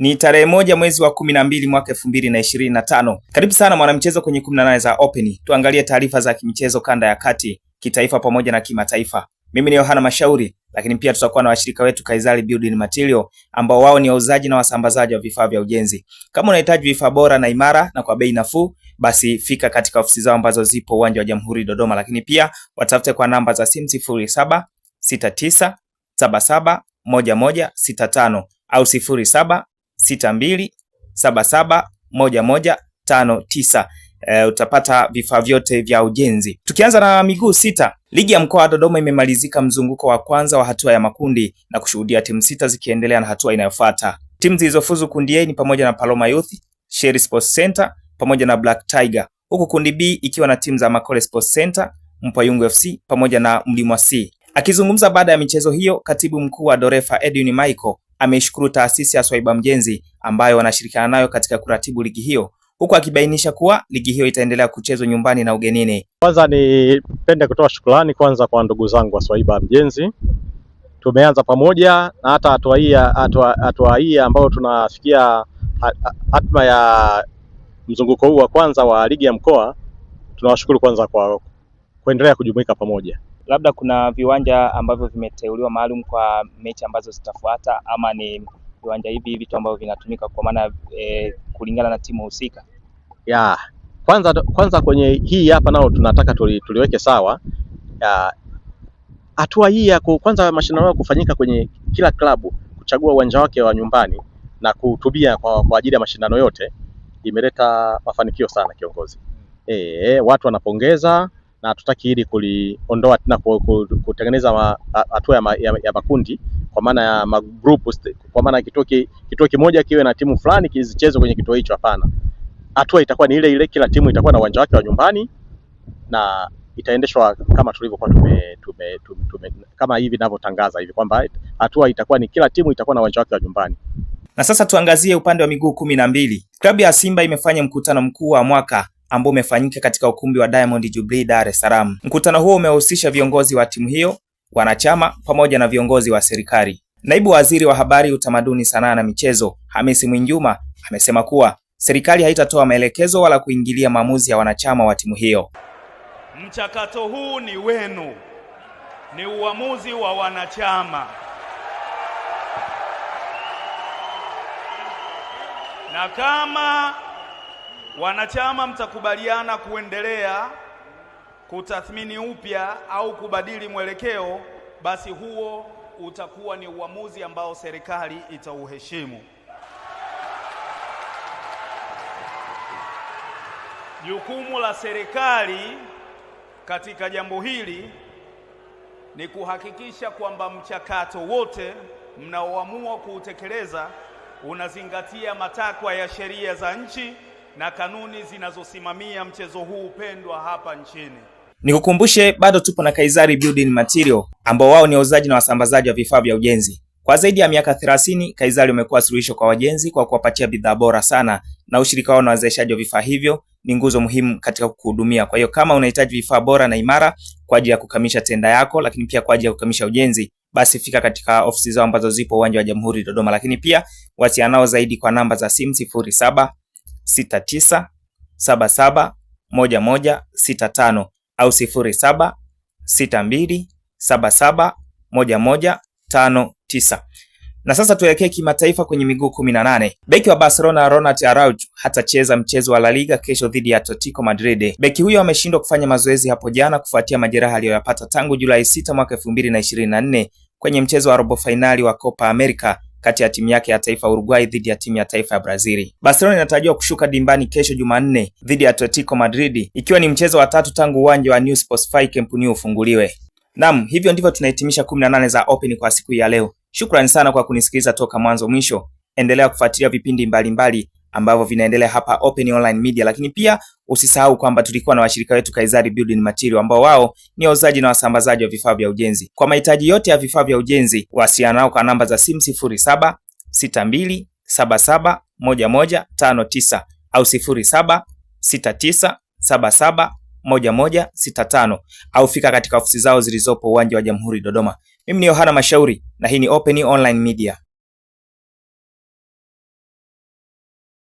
Ni tarehe moja mwezi wa kumi na mbili mwaka elfu mbili na ishirini na tano. Karibu sana mwanamichezo kwenye 18 za Open, tuangalie taarifa za kimichezo kanda ya kati, kitaifa pamoja na kimataifa. Mimi ni Yohana Mashauri, lakini pia tutakuwa na washirika wetu Kaizali Building Material ambao wao ni wauzaji na wasambazaji wa vifaa vya ujenzi. Kama unahitaji vifaa bora na imara na kwa bei nafuu, basi fika katika ofisi zao ambazo zipo uwanja wa Jamhuri Dodoma, lakini pia watafute kwa namba za simu 0769771165 au sifuri saba sita mbili saba saba moja moja tano tisa. E, utapata vifaa vyote vya ujenzi. Tukianza na miguu sita, ligi ya mkoa wa Dodoma imemalizika mzunguko wa kwanza wa hatua ya makundi na kushuhudia timu sita zikiendelea na hatua inayofuata. Timu zilizofuzu kundi A ni pamoja na Paloma Youth, Sheri Sports Center pamoja na Black Tiger, huku kundi B ikiwa na timu za Makole Sports Center, Mpwayungu FC pamoja na Mlimwa C. Akizungumza baada ya michezo hiyo, katibu mkuu wa Dorefa Edwin Michael ameishukuru taasisi ya Swaiba Mjenzi ambayo wanashirikiana nayo katika kuratibu ligi hiyo, huku akibainisha kuwa ligi hiyo itaendelea kuchezwa nyumbani na ugenini. Kwanza nipende kutoa shukrani kwanza kwa ndugu zangu wa Swaiba Mjenzi, tumeanza pamoja na hata hatua hii ambayo tunafikia hatma ya mzunguko huu wa kwanza wa ligi ya mkoa, tunawashukuru kwanza kwa kuendelea kujumuika pamoja labda kuna viwanja ambavyo vimeteuliwa maalum kwa mechi ambazo zitafuata, ama ni viwanja hivi vitu ambavyo vinatumika kwa maana e, kulingana na timu husika? Ya, kwanza kwanza kwenye hii hapa nao tunataka tuli, tuliweke sawa hatua hii ya kwanza mashindano hayo kufanyika kwenye kila klabu kuchagua uwanja wake wa nyumbani na kuhutubia kwa, kwa ajili ya mashindano yote imeleta mafanikio sana kiongozi. E, watu wanapongeza na hatutaki hili kuliondoa tena kutengeneza hatua ya, ma, ya, ya makundi kwa maana ya magrupu, kwa maana kituo kituo kimoja kiwe na timu fulani kizicheze kwenye kituo hicho. Hapana, hatua itakuwa ni ile ile, kila timu itakuwa na uwanja wake wa nyumbani na itaendeshwa kama tulivyokuwa tume, tume, tume, tume, kama hivi ninavyotangaza hivi kwamba hatua itakuwa ni kila timu itakuwa na uwanja wake wa nyumbani. Na sasa tuangazie upande wa miguu kumi na mbili. Klabu ya Simba imefanya mkutano mkuu wa mwaka ambao umefanyika katika ukumbi wa Diamond Jubilee Dar es Salaam. Mkutano huo umehusisha viongozi wa timu hiyo, wanachama pamoja na viongozi wa serikali. Naibu Waziri wa Habari, Utamaduni, Sanaa na Michezo, Hamisi Mwinjuma amesema kuwa serikali haitatoa maelekezo wala kuingilia maamuzi ya wanachama wa timu hiyo. Mchakato huu ni wenu, ni uamuzi wa wanachama, na kama Wanachama mtakubaliana kuendelea kutathmini upya au kubadili mwelekeo, basi huo utakuwa ni uamuzi ambao serikali itauheshimu. Jukumu la serikali katika jambo hili ni kuhakikisha kwamba mchakato wote mnaoamua kuutekeleza unazingatia matakwa ya sheria za nchi na kanuni zinazosimamia mchezo huu upendwa hapa nchini. Nikukumbushe, bado tupo na Kaizari Building Material ambao wao ni wauzaji na wasambazaji wa vifaa vya ujenzi. Kwa zaidi ya miaka 30, Kaizari umekuwa suluhisho kwa wajenzi kwa kuwapatia bidhaa bora sana, na ushirika wao na wawezeshaji wa vifaa hivyo ni nguzo muhimu katika kukuhudumia. Kwa hiyo kama unahitaji vifaa bora na imara kwa ajili ya kukamisha tenda yako, lakini pia kwa ajili ya kukamisha ujenzi, basi fika katika ofisi zao ambazo zipo uwanja wa Jamhuri Dodoma, lakini pia wasianao zaidi kwa namba za simu sifuri saba 0769771165 au 0762771159. Na sasa tuelekee kimataifa kwenye miguu kumi na nane. Beki wa Barcelona Ronald Araujo hatacheza mchezo wa La Liga kesho dhidi ya Atletico Madrid. Beki huyo ameshindwa kufanya mazoezi hapo jana kufuatia majeraha aliyoyapata tangu Julai 6 mwaka 2024 kwenye mchezo wa robo fainali wa Copa America kati ya timu yake ya taifa Uruguay dhidi ya timu ya taifa ya Brazili. Barcelona inatarajiwa kushuka dimbani kesho Jumanne dhidi ya Atletico Madrid, ikiwa ni mchezo wa tatu tangu uwanja wa New Sports Camp Nou ufunguliwe. Naam, hivyo ndivyo tunahitimisha 18 za Open kwa siku ya leo. Shukrani sana kwa kunisikiliza toka mwanzo mwisho. Endelea kufuatilia vipindi mbalimbali mbali ambavyo vinaendelea hapa Open Online Media, lakini pia usisahau kwamba tulikuwa na washirika wetu Kaizari Building Material ambao wao ni wauzaji na wasambazaji wa vifaa vya ujenzi. Kwa mahitaji yote ya vifaa vya ujenzi, wasiliana nao kwa namba za simu 07 62 77 11 59 au 07 69 77 1165 au fika katika ofisi zao zilizopo uwanja wa Jamhuri Dodoma. Mimi ni Yohana Mashauri na hii ni Open Online Media.